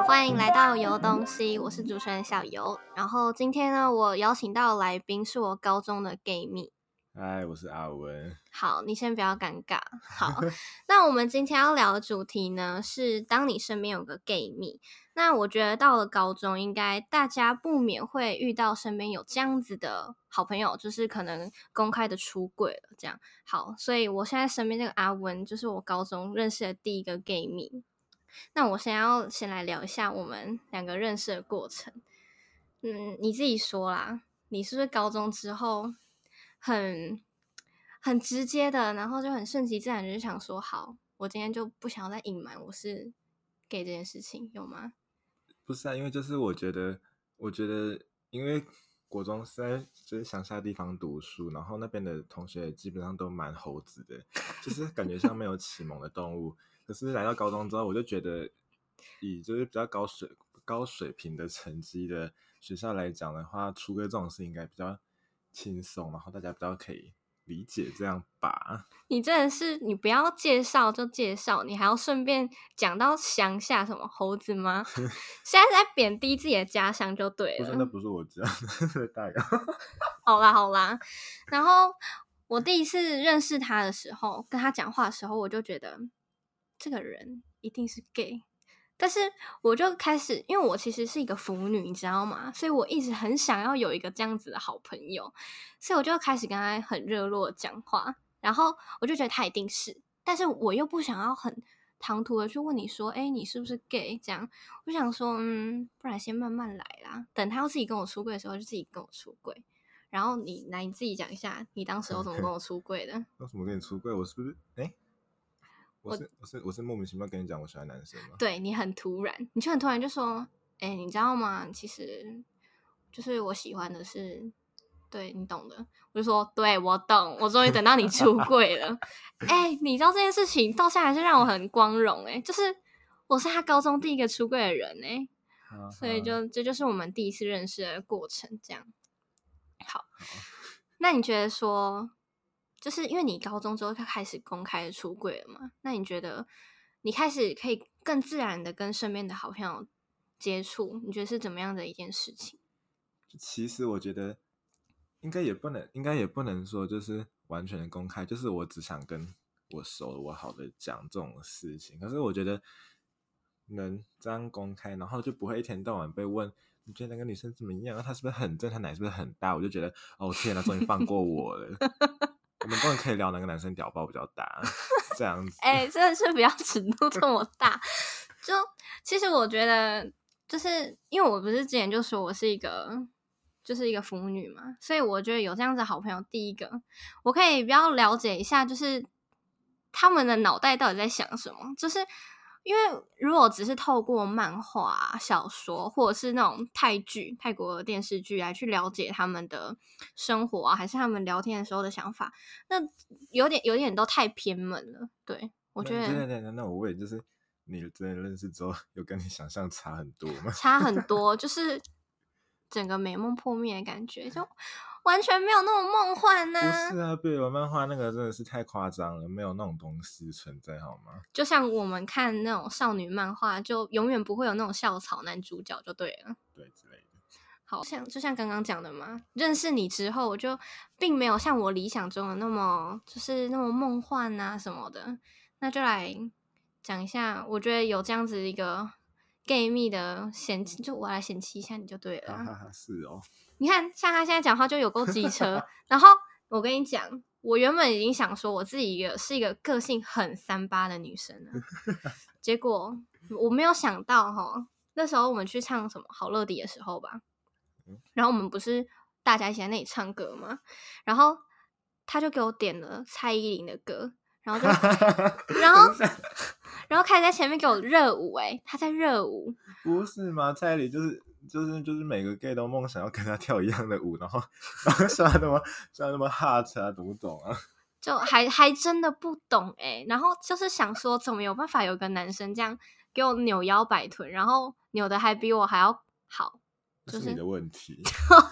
歡迎來到遊東西，我是主持人小遊。然後今天呢，我邀請到的來賓是我高中的 Gay 蜜，嗨，我是阿溫。好，你先不要尷尬。好， 那我們今天要聊的主題呢，是當你身邊有個 Gay 蜜。那我覺得到了高中，應該大家不免會遇到身邊有這樣子的好朋友，就是可能公開的出櫃了這樣。好，所以我現在身邊這個阿溫，就是我高中認識的第一個 gay 蜜。那我先要先來聊一下我們兩個認識的過程。嗯，你自己說啦，你是不是高中之後很很直接的，然後就很順其自然就是、想說，好，我今天就不想要再隱瞞我是 gay 這件事情，有嗎？不是，啊，因為就是我覺得，我覺得，因為國中生就是鄉下地方讀書，然後那邊的同學基本上都蠻猴子的，就是感覺像沒有啟蒙的動物。可是來到高中之後，我就覺得，以就是比較高水、高水平的成績的學校來講的話，出個這種事應該比較輕鬆，然後大家比較可以。理解，這樣吧，你真的是你不要介紹就介紹，你還要順便講到鄉下什麼猴子嗎？ 現在在貶低自己的家鄉就對了。我說那不是我家， 大哥。 好啦好啦，然後我第一次認識他的時候，跟他講話的時候，我就覺得這個人一定是 gay。但是我就開始，因為我其實是一個腐女，你知道嗎？所以我一直很想要有一個這樣子的好朋友，所以我就開始跟他很熱絡講話，然後我就覺得他一定是，但是我又不想要很唐突的去問你說，欸，你是不是 gay？這樣，我想說，嗯，不然先慢慢來啦，等他要自己跟我出櫃的時候，就自己跟我出櫃，然後你來你自己講一下，你當時我怎麼跟我出櫃的？ 我怎麼跟你出櫃，我是不是？欸？我是我是我是莫名其妙跟你講我喜歡男生。對，你很突然，你就很突然就說，誒、欸、你知道嗎？其實就是我喜歡的是，對，你懂的，我就說，對，我懂，我終於等到你出櫃了。誒、 欸、你知道這件事情到現在是讓我很光榮誒、欸、就是我是他高中第一個出櫃的人誒、欸、 所以就這就是我們第一次認識的過程，這樣。好，好，那你覺得說。就是因為你高中之後他開始公開出櫃了嘛？那你覺得你開始可以更自然的跟身邊的好朋友接觸，你覺得是怎麼樣的一件事情？其實我覺得應該也不能，應該也不能說就是完全的公開，就是我只想跟我熟、我好的講這種事情。可是我覺得能這樣公開，然後就不會一天到晚被問，你覺得那個女生怎麼樣、啊？她是不是很正？她奶是不是很大？我就覺得哦天哪、啊，終於放過我了。 我們當然可以聊那個男生屌爆比較大，這樣子、欸。哎，真 的是不要尺度這麼大。 就其實我覺得，就是因為我不是之前就說我是一個，就是一個腐女嘛，所以我覺得有這樣子的好朋友，第一個我可以比較了解一下，就是他們的腦袋到底在想什麼，就是。因為如果只是透過漫畫、啊、小說，或者是那種泰劇、泰國的電視劇來去了解他們的生活啊，還是他們聊天的時候的想法，那有點、有點都太偏門了。對我覺得，那對對對那那那，我問就是，你真的認識之後，有跟你想象差很多嗎？ 差很多，就是。整個美夢破滅的感覺，就完全沒有那種夢幻呢、啊。不是啊，比如漫畫那個真的是太誇張了，沒有那種東西存在，好嗎？就像我們看那種少女漫畫，就永遠不會有那種校草男主角，就對了，對之類的。好，就像就像剛剛講的嘛，認識你之後，我就並沒有像我理想中的那麼就是那麼夢幻啊什麼的。那就來講一下，我覺得有這樣子一個。gay 蜜的嫌棄，就我來嫌棄一下你就對了。啊、哈哈是哦，你看，像他現在講話就有夠機車。 然後我跟你講，我原本已經想說我自己一個是一個個性很三八的女生了， 結果我沒有想到哈。那時候我們去唱什麼好樂迪的時候吧，然後我們不是大家一起在那裡唱歌嗎？然後他就給我點了蔡依林的歌，然後就， 然後。 然後看人家前面給我熱舞、欸，哎，他在熱舞，不是嗎？在裡就是就是就是每個 gay 都夢想要跟他跳一樣的舞，然後，然後，算他媽算他媽 hot 啊，懂不懂啊？就還還真的不懂哎，欸，然後就是想說，怎麼有辦法有個男生這樣給我扭腰擺臀，然後扭的還比我還要好，就是，是你的問題，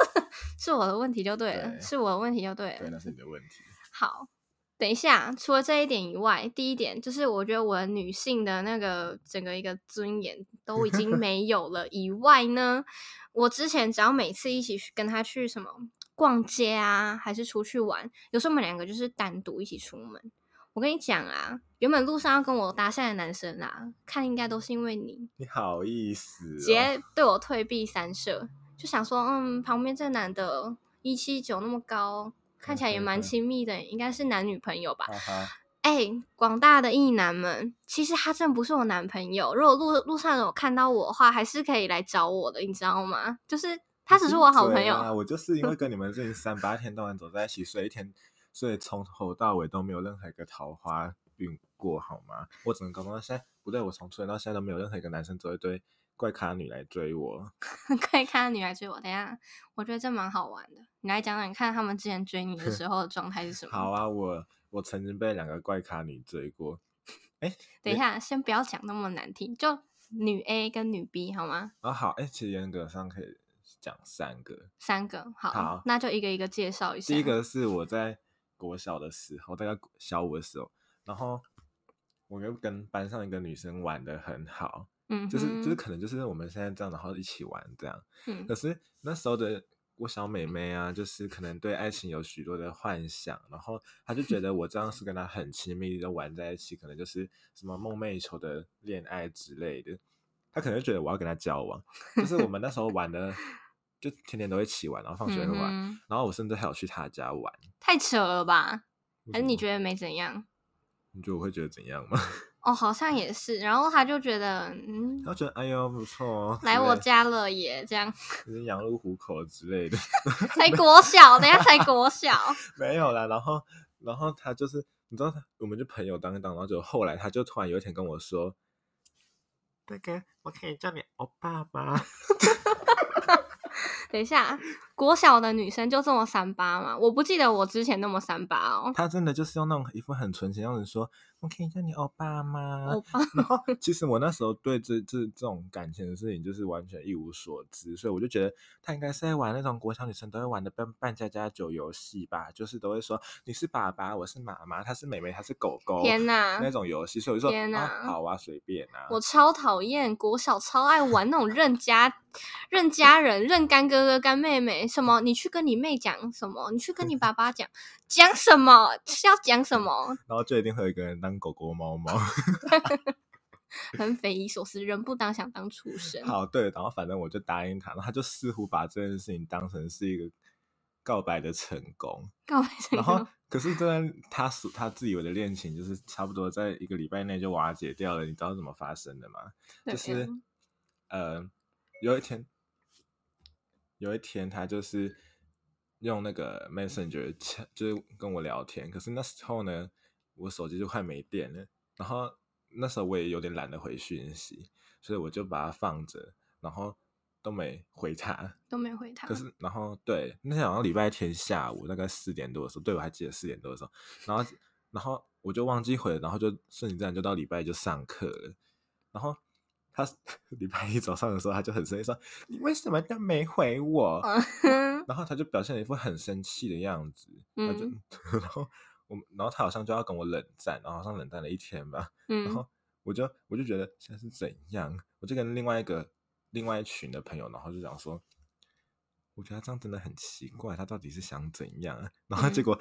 是我的問題就對了，對是我的問題就對了，對，那是你的問題，好。等一下，除了這一點以外，第一點就是我覺得我女性的那個整個一個尊嚴都已經沒有了以外呢， 我之前只要每次一起去跟他去什麼逛街啊，還是出去玩，有時候我們兩個就是單獨一起出門。我跟你講啊，原本路上要跟我搭訕的男生啊，看應該都是因為你，你好意思哦，直接對我退避三舍，就想說，嗯，旁邊這男的一七九那麼高。看起來也蠻親密的， 應該是男女朋友吧？哎、 欸，廣大的異男們，其實他真的不是我男朋友。如果路路上有看到我的話，還是可以來找我的，你知道嗎？就是他只是我好朋友。啊。我就是因為跟你們這近三八天到晚走在一起， 所以一天，所以從頭到尾都沒有任何一個桃花運過，好嗎？我只能告訴現在不對，我從出生到現在都沒有任何一個男生走一堆怪咖女來追我， 怪咖女來追我。等下，我覺得這蠻好玩的。你來講講看，他們之前追你的時候的狀態是什麼？ 好啊，我我曾經被兩個怪咖女追過。哎、欸，等一下，你先不要講那麼難聽，就女 A 跟女 B 好嗎？啊、哦，好。哎、欸，其實嚴格上可以講三個，三個好。好，好啊、那就一個一個介紹一下、啊。第一個是我在國小的時候，大概小五的時候，然後我又跟班上一個女生玩得很好，嗯哼，就是就是可能就是我們現在這樣，然後一起玩這樣。嗯，可是那時候的。我小妹妹啊，就是可能對愛情有許多的幻想，然後她就覺得我這樣是跟她很親密的 玩在一起，可能就是什麼夢寐以求的戀愛之類的。她可能就覺得我要跟她交往， 就是我們那時候玩的，就天天都一起玩，然後放學玩，嗯、哼然後我甚至還有去她家玩。太扯了吧？誒，你覺得沒怎樣，嗯？你覺得我會覺得怎樣嗎？哦，好像也是，然後他就覺得，嗯，他覺得哎呦不錯哦，來我家了耶這樣，羊入虎口之類的。 才國小， 等下才國小，沒有啦。然後，然後他就是，你知道，我們就朋友當當，然後就後來，他就突然有一天跟我說，大哥，我可以叫你歐爸嗎？等一下。國小的女生就這麼三八嗎？我不記得我之前那麼三八哦、喔。她真的就是用那種一副很純情樣子說：“我可以叫你歐巴嗎？歐巴。然後其實我那時候對這這這種感情的事情就是完全一無所知，所以我就覺得她應該是在玩那種國小女生都會玩的扮扮家家酒遊戲吧，就是都會說你是爸爸，我是媽媽，她是妹妹，她是狗狗。天吶哪。那種遊戲，所以我就說天哪啊好啊，隨便啊。我超討厭國小，超愛玩那種認家、認 家人、認乾哥哥、乾妹妹。什麼？你去跟你妹講什麼？你去跟你爸爸講 講什麼？是要講什麼？然後就一定會有一個人當狗狗貓貓， 很匪夷所思，人不當想當畜生。好，對。然後反正我就答應他，然後他就似乎把這件事情當成是一個告白的成功。告白成功。然後可是對，真的，他他自以為的戀情，就是差不多在一個禮拜內就瓦解掉了。你知道怎麼發生的嗎？對啊。就是，呃，有一天，有一天，他就是用那個 messenger 就是跟我聊天，可是那時候呢，我手機就快沒電了，然後那時候我也有點懶得回訊息，所以我就把它放着，然後都沒回他，都沒回他。可是然後對，那天好像禮拜天下午，大概四點多的時候，對，我還記得四點多的時候，然後然後我就忘記回，然後就順其自然就到禮拜一就上課了，然後。他禮拜一早上的時候，他就很生氣，說：“你為什麼都沒回我？” 然後他就表現了一副很生氣的樣子，嗯、就，然後我，然後他好像就要跟我冷戰，然後好像冷戰了一天吧。然後我就我就覺得現在是怎樣？嗯、我就跟另外一個另外一群的朋友，然後就想說，我覺得他這樣真的很奇怪，他到底是想怎樣？然後結果、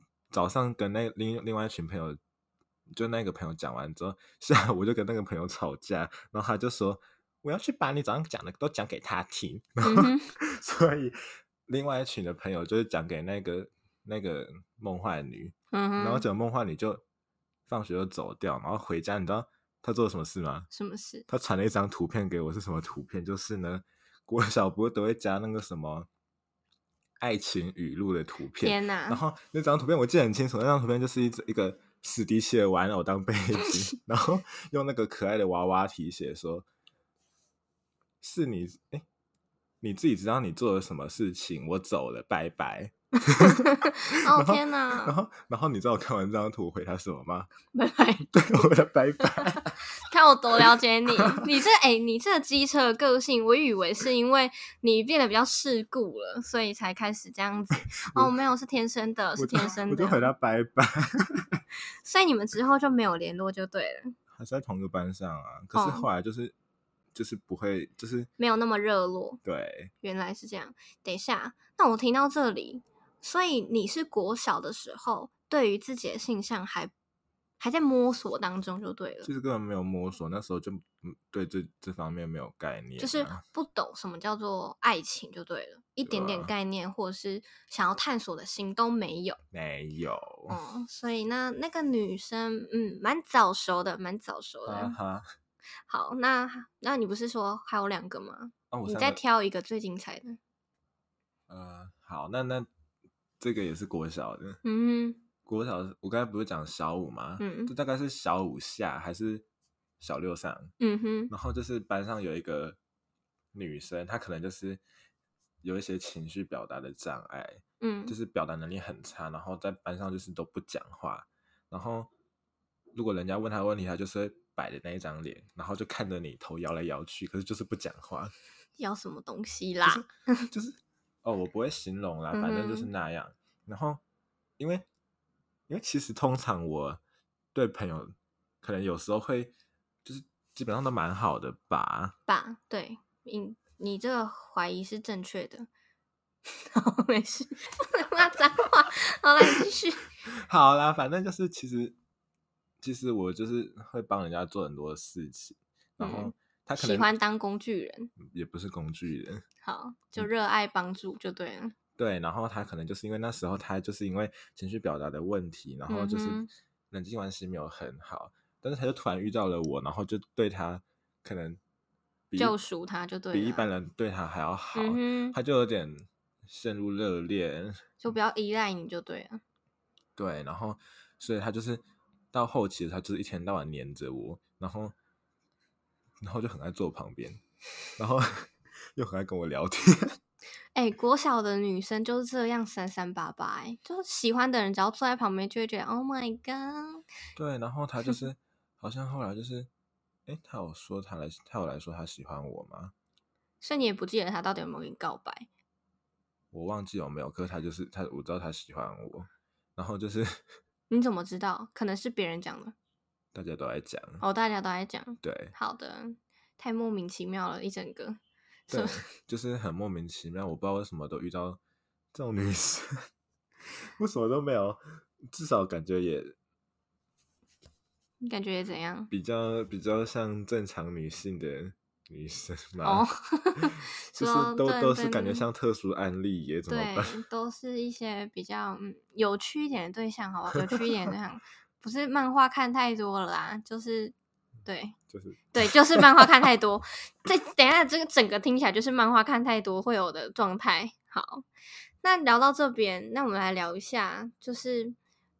嗯、早上跟那另另外一群朋友。就那個朋友講完之後，下午我就跟那個朋友吵架，然後他就說我要去把你早上講的都講給他聽。然後嗯、哼 所以另外一群的朋友就是講給那個那個夢幻女，嗯、哼然後講夢幻女就放學就走掉，然後回家你知道他做什麼事嗎？什麼事？他傳了一張圖片給我，是什麼圖片？就是呢，國小都會加那個什麼愛情語錄的圖片。天哪然後那張圖片我記得很清楚，那張圖片就是一一個。史迪奇的玩偶當背景， 然後用那個可愛的娃娃題寫說：“是你誒，你自己知道你做了什麼事情？我走了，拜拜。”哦天吶。然後，然後你知道我看完這張圖回他什麼嗎？ 拜拜！對 我的拜拜。 那我多了解你，你這誒、欸，你這機車的個性，我以為是因為你變得比較世故了，所以才開始這樣子。我哦，沒有，是天生的，是天生的。我就和他拜拜， 所以你們之後就沒有聯絡就對了。還是在同一個班上啊，可是後來就是、哦、就是不會，就是沒有那麼熱絡。對，原來是這樣。等一下，那我聽到這裡，所以你是國小的時候，對於自己的性向還。還在摸索當中就對了，其實根本沒有摸索，那時候就對這這方面沒有概念，啊，就是不懂什麼叫做愛情就對了，對吧，一點點概念或者是想要探索的心都沒有，沒有，嗯，所以那那個女生嗯，蠻早熟的，蠻早熟的，好，啊，啊，好，那那你不是說還有兩個嗎？啊，我你再挑一個最精彩的，嗯，呃，好，那那這個也是國小的，嗯。國小，我剛才不是講小五嗎？嗯，就大概是小五下還是小六上？嗯哼。然後就是班上有一個女生，她可能就是有一些情緒表達的障礙，嗯，就是表達能力很差，然後在班上就是都不講話。然後如果人家問她問題，她就是會擺着那一張臉，然後就看着你，頭搖來搖去，可是就是不講話。搖什麼東西啦？就是、就是、哦，我不會形容啦，反正就是那樣。嗯哼。然後因為。因為其實通常我對朋友可能有時候會就是基本上都蠻好的吧。吧，對，嗯，你這個懷疑是正確的。 好，沒事，不能罵髒話。好，來繼續。好啦， 反正就是其實其實我就是會幫人家做很多事情，嗯、然後他可能喜歡當工具人，也不是工具人，好，就熱愛幫助就對了。嗯對，然後他可能就是因為那時候，他就是因為情緒表達的問題，然後就是人際關係沒有很好，嗯、哼但是他就突然遇到了我，然後就對他可能救贖，就熟他就對比一般人對他還要好，嗯、哼他就有點陷入熱戀，就比較依賴你就對了。對，然後所以他就是到後期，他就是一天到晚黏着我，然後然後就很愛坐旁邊，然後又很愛跟我聊天。 哎、欸，國小的女生就是這樣，三三八八，就喜歡的人只要坐在旁邊就覺得 Oh my God。對，然後她就是 好像後來就是，哎、欸，她有說她來，她有來說她喜歡我嗎？所以你也不記得她到底有沒有給你告白？我忘記有沒有，可是她就是她，我知道她喜歡我，然後就是你怎麼知道？可能是別人講的，大家都愛講哦，大家都愛講，對，好的，太莫名其妙了，一整個。對，就是很莫名其妙，我不知道為什麼都遇到這種女生，我什麼都沒有，至少感覺也，你感覺也怎樣？比較比較像正常女性的女生嘛？哦，oh. 就是都 都是感覺像特殊案例也怎麼辦？對，都是一些比較嗯有趣一點的對象好吧？有趣一點的對象， 不是漫畫看太多了啦，就是。對，就是對，就是漫畫看太多。這 等一下這個整個聽起來就是漫畫看太多會有的狀態。好，那聊到這邊，那我們來聊一下，就是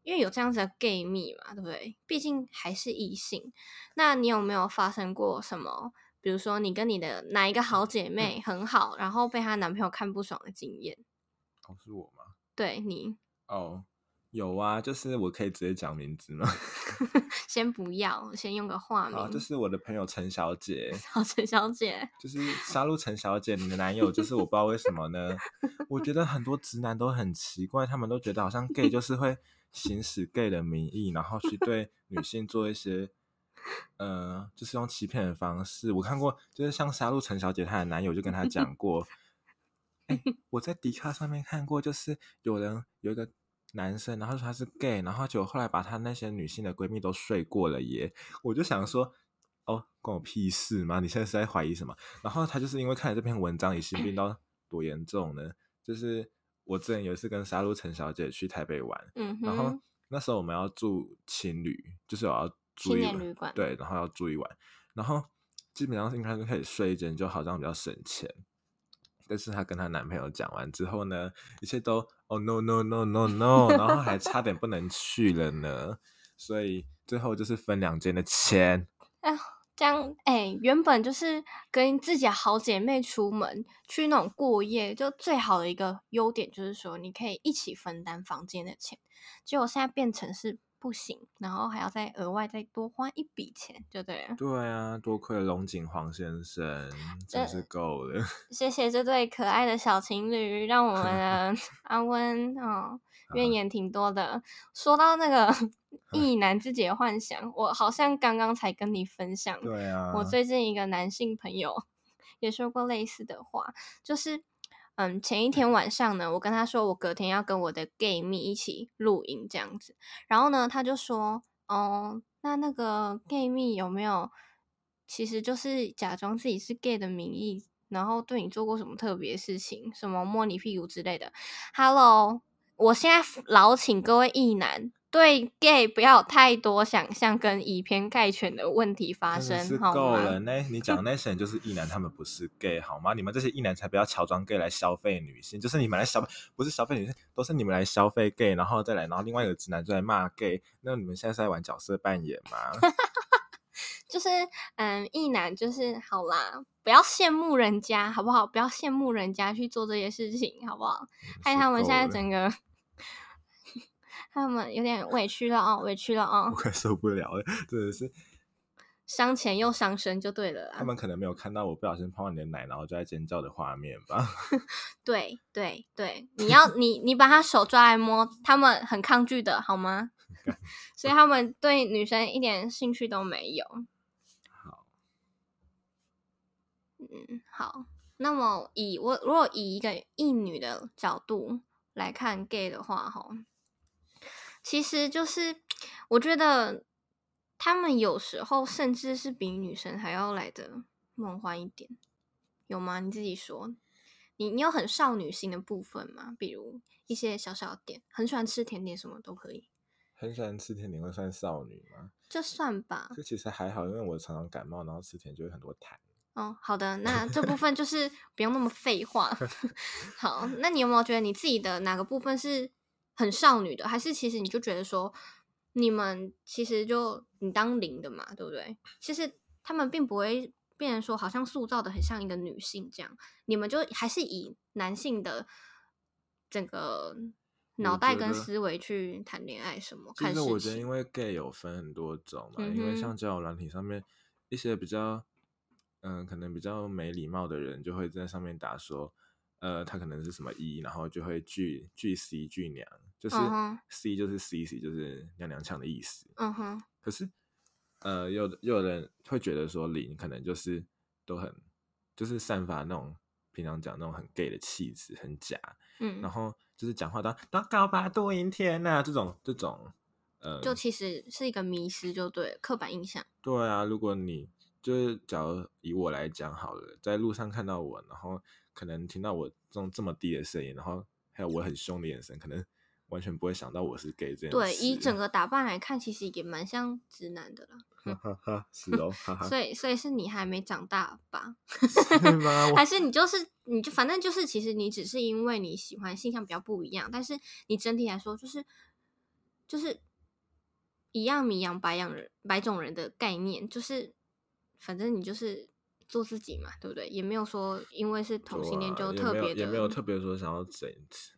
因為有這樣子的 gay 蜜嘛，對不對？畢竟還是異性。那你有沒有發生過什麼？比如說，你跟你的哪一個好姐妹很好，嗯、然後被她男朋友看不爽的經驗？哦，是我嗎？對你哦。Oh. 有啊，就是我可以直接講名字嗎？ 先不要，先用個化名。好，就是我的朋友陳小姐。好，陳小姐。就是沙露陳小姐，你的男友就是我不知道為什麼呢？ 我覺得很多直男都很奇怪，他們都覺得好像 gay 就是會行使 gay 的名義， 然後去對女性做一些， 呃，就是用欺騙的方式。我看過，就是像沙露陳小姐，她的男友就跟她講過 欸，我在迪卡上面看過，就是有人有一個。男生，然後說他是 gay，然後就後來把他那些女性的閨蜜都睡過了耶。我就想說，哦，關我屁事嗎？你現在是在懷疑什麼？然後他就是因為看了這篇文章，疑心病到多嚴重呢？ 就是我之前有一次跟沙鹿陳小姐去台北玩，嗯、哼然後那時候我們要住情侶，就是我要，要住一晚，對，然後要住一晚，然後基本上應該就可以睡一間，就好像比較省錢。但是她跟她男朋友講完之後呢，一切都哦、oh, no no no no no，no 然後還差點不能去了呢，所以最後就是分兩間的錢。哎、呃，這樣、欸、原本就是跟自己的好姐妹出門去那種過夜，就最好的一個優點就是說，你可以一起分擔房間的錢，結果現在變成是。不行，然後還要再額外再多花一筆錢，就對了。對啊，多虧了龍井黃先生，真是夠了。謝謝這對可愛的小情侶，讓我們阿溫啊、 哦、怨言挺多的。說到那個異男 知己的幻想，我好像剛剛才跟你分享。 對啊，我最近一個男性朋友也說過類似的話，就是。嗯，前一天晚上呢，我跟他說我隔天要跟我的 gay 蜜一起露營這樣子，然後呢他就說，哦，那那個 gay 蜜有沒有，其實就是假裝自己是 gay 的名義，然後對你做過什麼特別事情，什麼摸你屁股之類的。Hello，我現在老請各位異男。對 gay 不要太多想象跟以偏概全的問題發生，是夠了、欸。那嗎你講的那些人就是異男，他們不是 gay 好嗎？ 你們這些異男才不要喬裝 gay 來消費女性，就是你們來消費，不是消費女性，都是你們來消費 gay，然後再來，然後另外一個直男就來罵 gay。那你們現在是在玩角色扮演嗎？ 就是嗯，異男就是好啦，不要羨慕人家，好不好？不要羨慕人家去做這些事情，好不好？嗯、害他們現在整個。他們有點委屈了啊、哦， 委屈了啊、哦！我快受不了了，真的是傷錢又傷身，就對了啦。他們可能沒有看到我不小心碰到你的奶，然後就在尖叫的畫面吧？ 對對對，你要 你你把他手抓來摸，他們很抗拒的好嗎？ 所以他們對女生一點興趣都沒有。好，嗯，好。那麼以，以我如果以一個異女的角度來看 Gay 的話，哈。其實就是，我覺得他們有時候甚至是比女生還要來的夢幻一點，有嗎？你自己說你，你你有很少女心的部分嗎？比如一些小小的點，很喜歡吃甜點，什麼都可以。很喜歡吃甜點，會算少女嗎？就算吧。這其實還好，因為我常常感冒，然後吃甜點就會很多痰。哦，好的，那這部分就是不用那麼廢話。 好，那你有沒有覺得你自己的哪個部分是？很少女的，還是其實你就覺得說，你們其實就你當零的嘛，對不對？其實他們並不會變成說，好像塑造的很像一個女性這樣。你們就還是以男性的整個腦袋跟思維去談戀愛什麼？看。那我覺得，覺得因為 gay 有分很多種嘛，嗯、哼因為像交友軟體上面一些比較嗯、呃，可能比較沒禮貌的人就會在上面打說，呃，他可能是什麼一、e，然後就會拒拒 C 拒娘。就是 C，就是 C，C、uh huh. 就是娘娘腔的意思。嗯哼、uh。Huh. 可是，呃，又又有人會覺得說零可能就是都很，就是散發那種平常講那種很 gay 的氣質，很假。嗯。然後就是講話都都高八度，陰天吶，這種這種，呃，就其實是一個迷失，就對，刻板印象、嗯。對啊，如果你就是假如以我來講好了，在路上看到我，然後可能聽到我這種這麼低的聲音，然後還有我很凶的眼神，可能。完全不會想到我是 gay 這樣。對，以整個打扮來看，其實也蠻像直男的啦。 是哦，哈哈。所以所以是你還沒長大吧？ 是嗎？還是你就是你就反正就是，其實你只是因為你喜歡性向比較不一樣，但是你整體來說就是就是一樣米養百樣人白種人的概念，就是反正你就是。做自己嘛，對不對？也沒有說因為是同性戀就特別的也，也沒有特別說想要怎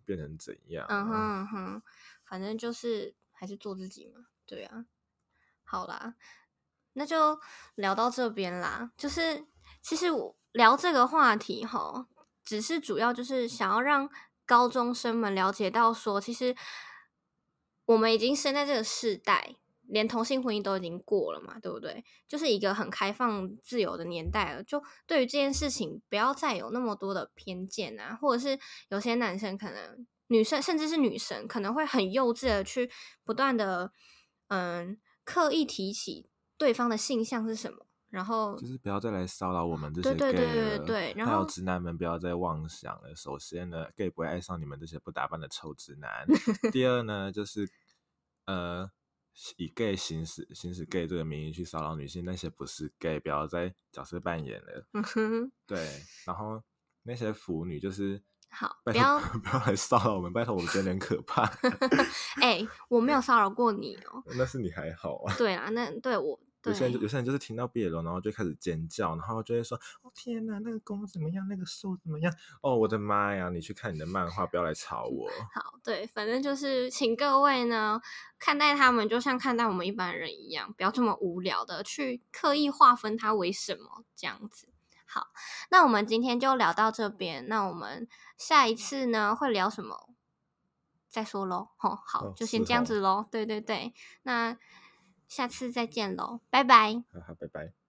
變成怎樣啊，嗯。嗯哼哼，反正就是還是做自己嘛，對啊。好啦，那就聊到這邊啦。就是其實我聊這個話題吼，只是主要就是想要讓高中生們了解到說，其實我們已經生在這個世代，連同性婚姻都已經過了嘛，對不對？就是一個很開放、自由的年代了。就對於這件事情，不要再有那麼多的偏見啊，或者是有些男生可能、女生甚至是女神，可能會很幼稚的去不斷的嗯、呃、刻意提起對方的性向是什麼，然後就是不要再來騷擾我們這些 gay 了。對對對，然後直男們不要再妄想了。然後，首先呢，gay 不會愛上你們這些不打扮的臭直男。 第二呢，就是呃。以 gay 行使、行使 gay 這個名義去騷擾女性，那些不是 gay，不要再角色扮演了。嗯、呵呵對，然後那些腐女就是好，不要 不要來騷擾我們，拜托，我覺得有點可怕。哎 欸，我沒有騷擾過你哦、喔， 那是你還好啊。對啊，那對我。對有些人、就是，有些人就是聽到《冰與龍》，然後就開始尖叫，然後就會說：“哦天哪，那個攻怎麼樣？那個受怎麼樣？哦，我的媽呀！你去看你的漫畫，不要來吵我。”好，對，反正就是請各位呢看待他們，就像看待我們一般人一樣，不要這麼無聊的去刻意劃分它為什麼這樣子。好，那我們今天就聊到這邊。那我們下一次呢會聊什麼？再說咯好、哦，好，就先這樣子咯、哦、對對對，那。下次再見嘍，拜拜。好好，拜拜。